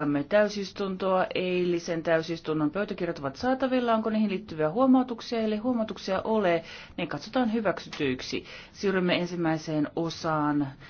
Jatkamme täysistuntoa. Eilisen täysistunnon pöytäkirjat ovat saatavilla. Onko niihin liittyviä huomautuksia? Eli huomautuksia ole, niin katsotaan hyväksytyiksi. Siirrymme ensimmäiseen osaan.